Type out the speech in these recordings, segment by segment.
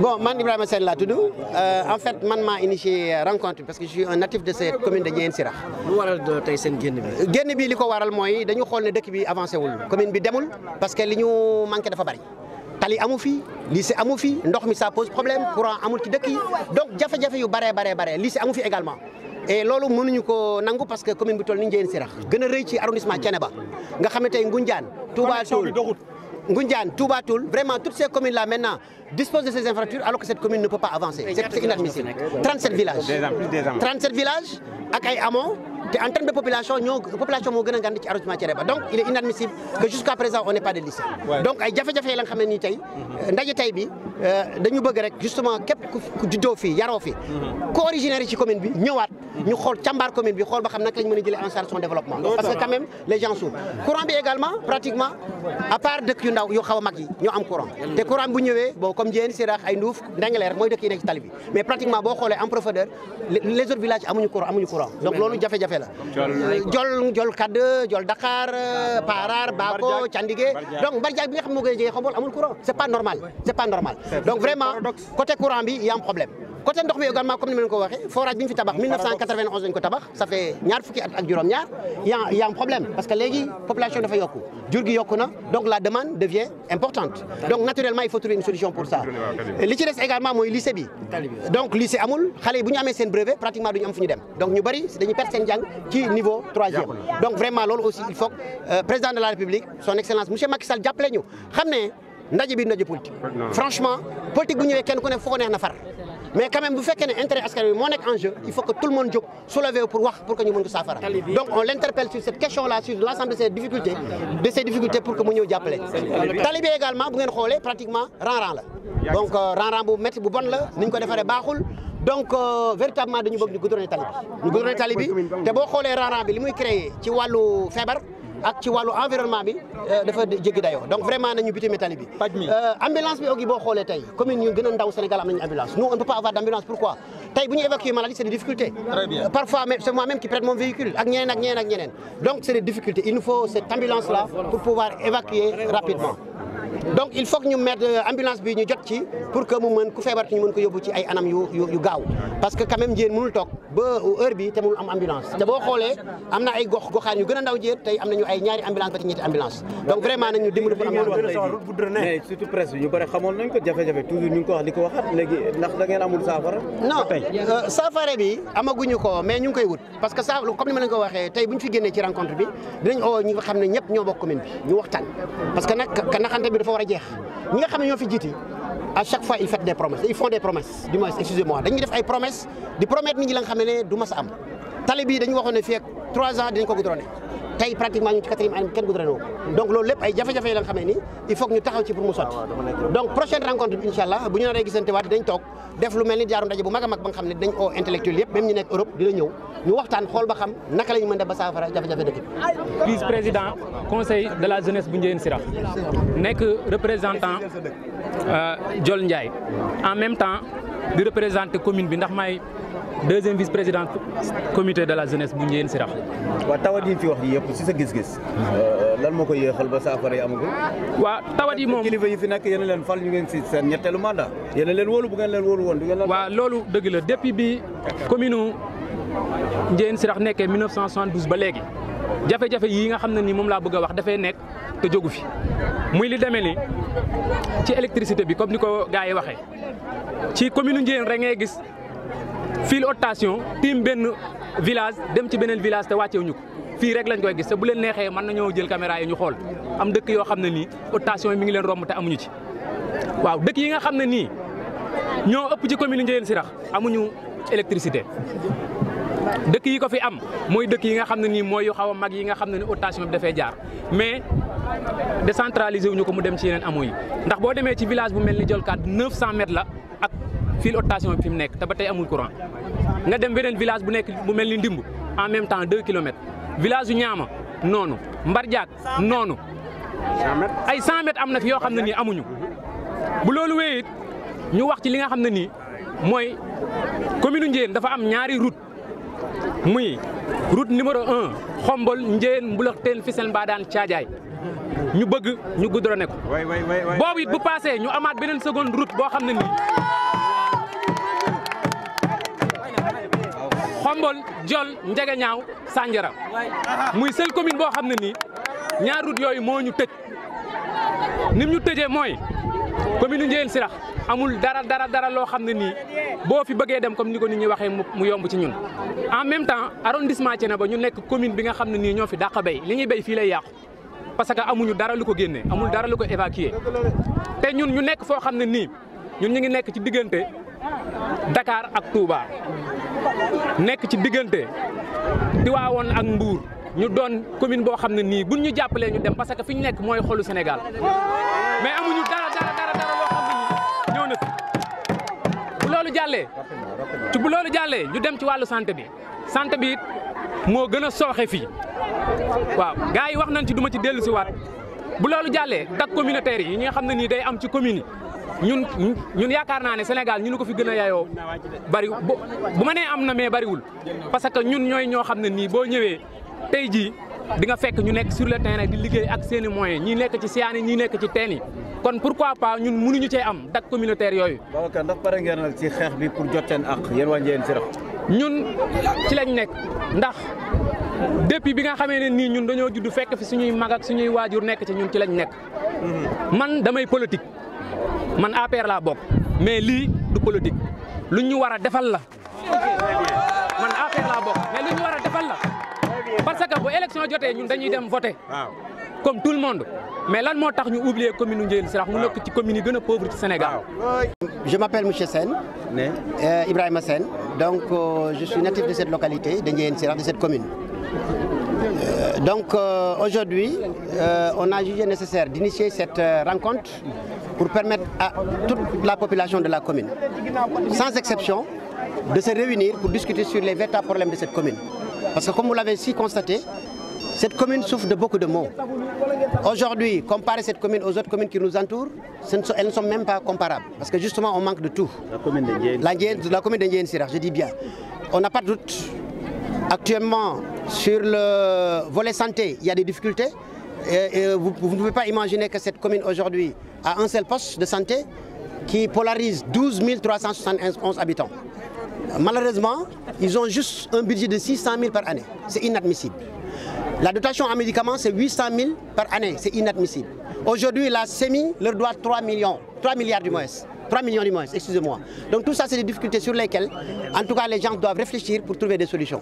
bon man Ibrahima Sène laa tudd euh, en fait man maa initié rencontre parce que je suis un natif de cette commune de Ndiéyène Sirakh. lu waral tey seen génn génn bi li ko waral mooy dañu xool ne dëkk bi avancé wul commune bi demul parce que li ñu manqué dafa bari. tali amu fi lycée amu fi ndox mi ça pose problème courant amul ci dëkk yi donc jafe-jafe yu bare baree baree lycée amu fi également. et loolu mënuñu ko nangu parce que commune bi toll ni Ndiéyène Sirakh gën a rëy ci arrondissement Thiénaba nga xam ne tey Ngoundiane Touba Toul Ngundiane, Touba Toul, vraiment toutes ces communes-là maintenant disposent de ces infrastructures alors cette commune ne peut pas avancer. C'est inadmissible. 37 villages. 37 villages ak ay te en termes de population ñoo population ci arrondissement Thiénaba donc il est inadmissible que jusqu'à présent on n'est pas de lycée donc ay jafe-jafe la nga tey mhm. ndaje tey bi euh, dañu bëgg rek justement képp ku juddoo fii fi. co mhm. originaire ci commune bi ñëwaat ñu xool càmbar commune bi xool ba xam naka lañ mën a jëlee en charge son développement parce que quand même gens souffrent courant bi également pratiquement à dëkk yu ndaw yu xaw a mag yi ñoo am courant mm. te courant bu ñëwee bon comme Diène Sirax ay Nduuf Ndengler mooy dëkk yi nekk ci tali bi mais pratiquement boo xoolee en profondeur les autres villages amuñu courant amuñu courant donc loolu jafe-jafe la jol jol kadd jol Dakar Parar Bako Candigé donc Barjaak bi a jege Xombol amul courant c'est bi y a un côté ndox mi également comme ni ma leen ko waxee forage bi ñu fi tabax 1991 ko tabax ça ñaar fukki ak juróom-ñaar y' a problème parce que léegi population dafa yokku jur gi yokku na donc la demande devient importante donc naturellement il faut trouver une solution pour ça. li ci des également mooy lycée bi. donc lycée amul xale bu ñu amee seen brevet pratiquement du ñu am fu ñu dem donc ñu bëri dañuy perdre seen aussi il faut euh, président de la République son excellence kenn ku mais quand même bu fekkee ne intérêt askan wi il faut que tout le monde jóg soulever pour wax pour que ñu mën ko saafara donc on l'interpelle sur cette question là sur l'ensemble de ces difficultés de ces difficultés pour que mu ñëw jàppale tali également bu ngeen xoolee pratiquement ran-ran la donc euh, ran-ran bu métti bu bon la ni ñu ko defaree baaxul donc euh, véritablement dañu ñu goudronner tali bi ñu goudronner te boo xoolee ran-ran bi li muy créer ci wàllu ak ci wàllu environnement bi euh, dafa jéggi dayoo donc vraiment nañu buté métalli bi euh, ambulance bi aussi boo xoolee tey commune yu gën a ndaw Sénégal ambulance nous on ne avoir d' pourquoi tey bu ñu évacuer maladie c' est des parfois c' moi même qui prête mon véhicule ak ñeneen ak ñeneen donc c' est des il nous faut cette ambulance là pour pouvoir évacuer rapidement donc il faut que ñu mettre euh, ambulance bi ñu jot ci pour que mu mën ku feebar ñu mën ko yóbbu ci ay anam yu gaaw parce que quand même Ndiéyène toog ba euh, heure bi te mënul ambulance te boo xoolee am na ay gox goxaan yu gën a ndaw Ndiéyène tey am nañu ay ñaari ambulance ba ci ñetti ambulance donc vraiment nañu dimbali pour am mais surtout ko wax li ko waxaat léegi ndax da ngeen amul euh, ko mais ñu koy wut parce que saafara comme ni ma leen ko waxee tey bu ñu fi génnee ci rencontre bi dafa war a jeex ñi nga xam ne ñoo fi jiiti à chaque fois ils font des promesses ils font des promesses du moins excusez-moi dañuy def ay promesses di promettre nit ñi la nga ne du mas a am tali bii dañu waxoon ne fii ak trois ans dinañ ko goudronner tey pratiquement ñu ci quatrième année bi kenn goudronné wu donc loolu lépp ay jafe-jafe la nga xamee ni il faut ñu taxaw ci pour mu sotti ah donc prochaine rencontre bi incha allah bu ñu naree gisante waat def lu mel ni jaaru ndaje bu mag a mag ba nga xam ne dinañ oo intellectuel yëpp même ñu nekk Europe dina ñëw ñu waxtaan xool ba xam naka la mën def ba saafara jafe-jafe dëkk bi vice président conseil de la jeunesse bu Ndiéyène Sirakh nekk représentant euh, deuxième vice président comité de la jeunesse bu Ndiéyène Sirah. waaw tawat yi ñu fi wax yii yëpp si sa gis-gis. Euh, lan moo ko yéexal ba saafara yi amagul. waaw tawat yi moom kilifa yi fi nekk yéen leen fal ñu ngeen si seen ñetteelu mandat. yéen leen wóolu bu ngeen leen wóolu woon du ngeen leen. waaw loolu dëgg la depuis bi commune Ndiéyène Sirah nekkee 1972 ba léegi jafe-jafe yii nga xam ne ni moom laa bëgg wax dafay nekk te jógu fi muy li demee ni ci électricité bi comme ni ko gars yi waxee ci commune Ndiéyène rek ngay gis. fil haute tension tiim benn village dem ci beneen village te wàccewuñu ko fii rek lañ koy gis te bu leen neexee mën nañoo jël caméra yi ñu xool am dëkk yoo xam ne nii haute tension mi ngi leen romb te amuñu ci waaw dëkk yi nga xam ne nii ñoo ëpp ci commune si rax amuñu électricité dëkk yi ko fi am mooy dëkk yi nga xam ne nii mooy yu xaw a mag yi nga xam ne ni haute bi dafay jaar mais décentralisé wuñu ko mu dem ci yeneen amoo ndax boo demee ci village bu mel ni Jolkaat 900 mètres la ak fil rotation bi fi mu nekk te tey amul courant nga dem beneen village bu nekk bu mel ni ndimb en même temps deux village yu ñaama noonu mbarjaak noonu ay cent mètres am na fi yoo xam ne nii amuñu bu loolu wéyit ñu wax ci li nga xam ne nii mooy commune Ndiéyène dafa am ñaari route muy route numéro un xombol Ndiéyène Mbulaxteen Fissel Mbadaan Caajaay ñu bëgg ñu goudronné ko bu passé ñu amaat beneen seconde route boo xam ne nii Xombol Jol ñaaw Sanjara muy seule commune boo xam ne nii ñaar route yooyu moo ñu tëj ni ñu tëjee mooy commune Ndiéyène Sirakh amul dara dara dara loo xam ne nii boo fi bëggee dem comme ni ko ni ñi waxee mu yomb ci ñun. en même temps arrondissement Thiénaba ñu nekk commune bi nga xam ne nii ñoo fi dàq béy li ñuy béy fii lay yàqu parce que amuñu dara lu ko génnee amul dara lu ko évacuer te ñun ñu nekk foo xam ne nii ñun ñu ngi nekk ci diggante. Dakar ak Touba nekk ci diggante Tiwaawoon ak Mbuur ñu doon commune boo xam ne nii bu ñu jàppalee ñu dem parce que fi ñu nekk mooy xolu Sénégal mais amuñu dara dara dara dara xam ne ñëw bu loolu jàllee ci bu loolu jàllee ñu dem ci wàllu sant bi santé biit moo gën a sooxe fii waaw gars yi wax nañ ci duma ci dellu si waat bu loolu jàllee tak communautaire yi ñi nga xam ne nii day am ci commune yi ñun ñun yaakaar naa ne Sénégal ñu ko fi gën a yaayoo bari bu ma nee am na mais bariwul parce que ñun ñooy ñoo xam ne nii boo ñëwee tey jii di nga fekk ñu nekk sur le terrain di liggéey ak seen i moyens ñii nekk ci siyaan yi ñii nekk ci teen yi kon pourquoi pas ñun mënuñu cee am dak communautaire yooyu. Babacar ndax pare ngeen nag bi pour jot seen ak yéen waa Ndiéyène Sirakh ñun ci lañ nekk ndax depuis bi nga xamee ne nii ñun dañoo judd fekk fi suñuy mag ak suñuy waajur nekk ci ñun ci lañ nekk. Mm-hmm. man damay politique. man APR la bokk mais lii du politique lu ñu war a defal la man APR laa bokk mais lu ñu war defal la parce que bu élection jotee ñun dañuy dem voter comme tout le monde mais lan moo tax ñu oublier commune Ndiéyène Sirakh mu nekk ci commune yi gën a pauvre ci Sénégal. je m'appelle monsieur Sène. Euh, Ibrahima Sène donc euh, je suis natif de cette localité de Ndiéyène Sirakh de cette commune. Euh, donc euh, aujourd'hui, euh, on a jugé nécessaire d'initier cette euh, rencontre pour permettre à toute la population de la commune, sans exception, de se réunir pour discuter sur les véritables problèmes de cette commune. Parce que comme vous l'avez si constaté, cette commune souffre de beaucoup de maux. Aujourd'hui, comparer cette commune aux autres communes qui nous entourent, elles ne sont même pas comparables. Parce que justement, on manque de tout. La commune de Ndiaye. Actuellement, sur le volet santé, il y a des difficultés. Et, et vous, vous ne pouvez pas imaginer que cette commune aujourd'hui a un seul poste de santé qui polarise 12 371 habitants. Malheureusement, ils ont juste un budget de 600 000 par année. C'est inadmissible. La dotation en médicaments, c'est 800 000 par année. C'est inadmissible. Aujourd'hui, la SEMI leur doit 3 millions, 3 milliards du moins. 3 millions du moins, excusez-moi. Donc tout ça, c'est des difficultés sur lesquelles, en tout cas, les gens doivent réfléchir pour trouver des solutions.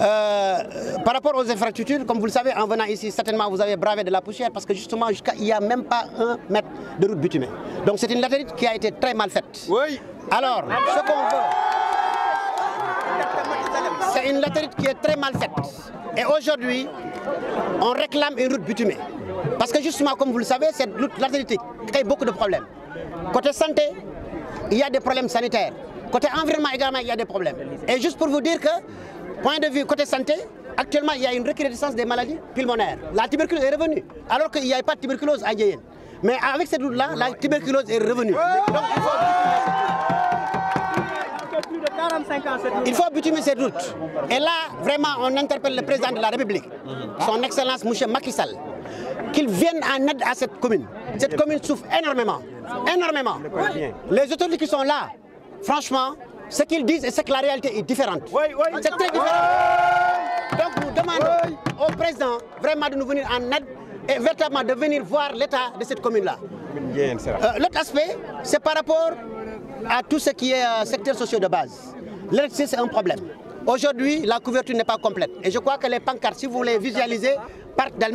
Euh, par rapport aux infrastructures, comme vous le savez, en venant ici, certainement, vous avez bravé de la poussière parce que justement, jusqu'à il n'y a même pas un mètre de route bitumée. c'est une latérite qui a très mal faite. Alors, c'est une latérite qui est très mal faite. Et aujourd'hui, on réclame une route bitumée. que justement, comme vous Côté santé, il y a des problèmes sanitaires. Côté environnement également, il y a des problèmes. Et juste pour vous dire que, point de vue côté santé, actuellement, il y a une recrudescence des maladies pulmonaires. La tuberculose est revenue, alors qu'il n'y avait pas de tuberculose à Yéyen. Mais avec cette route la tuberculose est revenue. il faut... Il faut bitumer Et là, vraiment, on interpelle de la République, son Excellence M. Macky qu'il vienne énormément. Les autorités qui sont là, franchement, ce qu'ils disent et ce que la réalité est différente. C'est très différent. Donc nous demandons au président vraiment de nous venir en aide et véritablement de venir voir l'état de cette commune-là. Euh, L'autre aspect, c'est par rapport à tout ce qui est euh, secteur social de base. L'électricité, c'est un problème. Aujourd'hui, la couverture n'est pas complète. Et je crois que les pancartes, si vous les visualisez, partent delles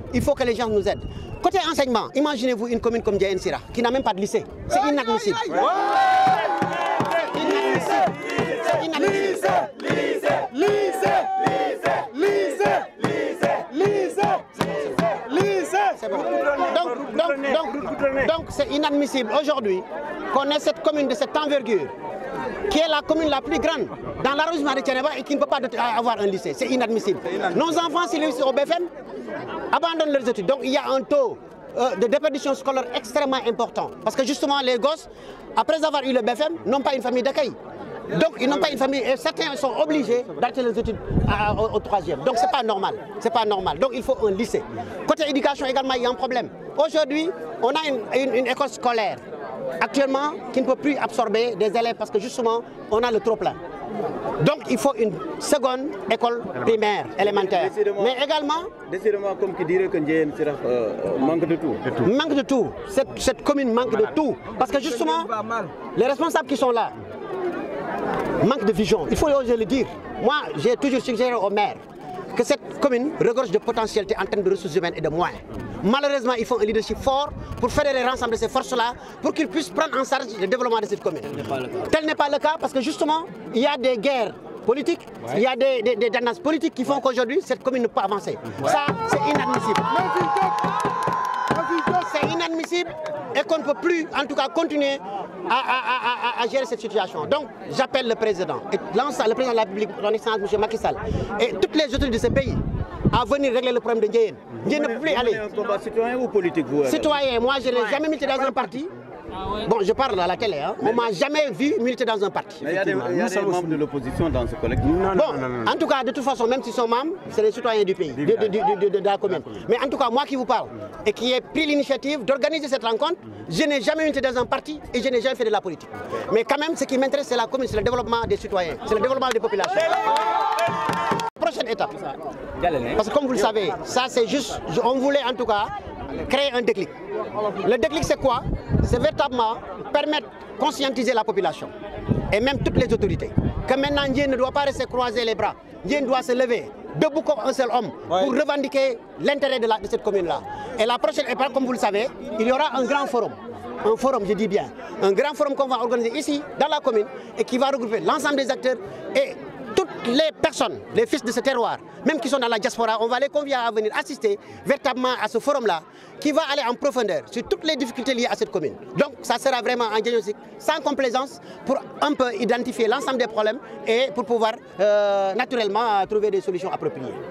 Il faut que les gens nous aident. Côté enseignement, imaginez-vous une commune comme Djayen Sira, qui n'a même pas de lycée. C'est inadmissible. Ouais. C'est inadmissible. Donc, c'est inadmissible aujourd'hui qu'on ait cette commune de cette envergure qui est la commune la plus grande dans l'arrondissement de Thiénaba et qui ne peut pas euh, avoir un lycée. C'est inadmissible. Nos enfants, s'ils réussissent au abandonnent leurs études. Donc il y a un taux euh, de déperdition scolaire extrêmement important. Parce que justement, les gosses, après avoir eu le BFM, n'ont pas une famille d'accueil. Donc ils n'ont pas une famille et certains sont obligés d'arrêter les études à, euh, au, troisième. Donc c'est pas normal, Donc il faut un lycée. Côté éducation également, actuellement qui ne peut plus absorber des élèves parce que justement on a le trop plein. Donc il faut une seconde école primaire élémentaire. Décidément, Mais également... Décidément, comme qui dirait que Ndiaye euh, euh, manque de tout. de tout. Manque de tout. Cette, cette commune manque Malade. de tout. Parce que justement, les responsables qui sont là manquent de vision. Il faut oser le dire. Moi, j'ai toujours suggéré au maire que cette commune regorge de potentialités en termes de ressources humaines et de moyens. Malheureusement, il faut un leadership fort pour fédérer ensemble ces forces-là, pour qu'ils puissent prendre en charge le développement de cette commune. Tel n'est pas, pas le cas parce que justement, il y a des guerres politiques, ouais. il y a des, des, des politiques qui font ouais. qu'aujourd'hui, cette commune ne peut pas avancer. Ouais. Ça, c'est inadmissible. inadmissible et qu'on ne peut plus, en tout cas, continuer à, à, à, à gérer cette situation. Donc, j'appelle le président, et le président de la République, son excellence, M. Macky Sall, et toutes les autorités de ce pays à venir régler le problème de Ndiaye. Ndiaye ne peut plus aller. Vous un combat citoyen ou politique, vous Citoyen. Moi, je n'ai jamais milité dans un parti. Bon, je parle à la télé. On ne jamais vu militer dans un parti. bon, en tout cas, de toute façon, même s'ils sont membres, c'est les citoyens du pays, de, la commune. Mais en tout cas, moi qui vous parle et qui ai pris l'initiative d'organiser cette rencontre, je n'ai jamais milité dans un parti et je n'ai jamais fait de la politique. Mais quand même, ce qui m'intéresse, c'est la commune, c'est le développement des citoyens, c'est le développement des populations. Prochaine Le déclic, c'est quoi C'est véritablement permettre, conscientiser la population et même toutes les autorités que maintenant Ndié doit pas rester croiser les bras, Ndié doit se lever debout comme homme pour revendiquer l'intérêt de, cette commune-là. Et la prochaine épreuve, comme vous il y aura un grand forum. Un forum, je bien. Un grand forum qu'on organiser ici, dans la commune, et qui l'ensemble des acteurs et toutes les personnes, les fils de ce terroir, même qui sont dans la diaspora, on va les convier à venir assister véritablement à ce forum-là, qui va aller en profondeur sur toutes les difficultés liées à cette commune. Donc ça sera vraiment un diagnostic sans complaisance pour un peu identifier l'ensemble des problèmes et pour pouvoir euh, naturellement euh, trouver des solutions appropriées.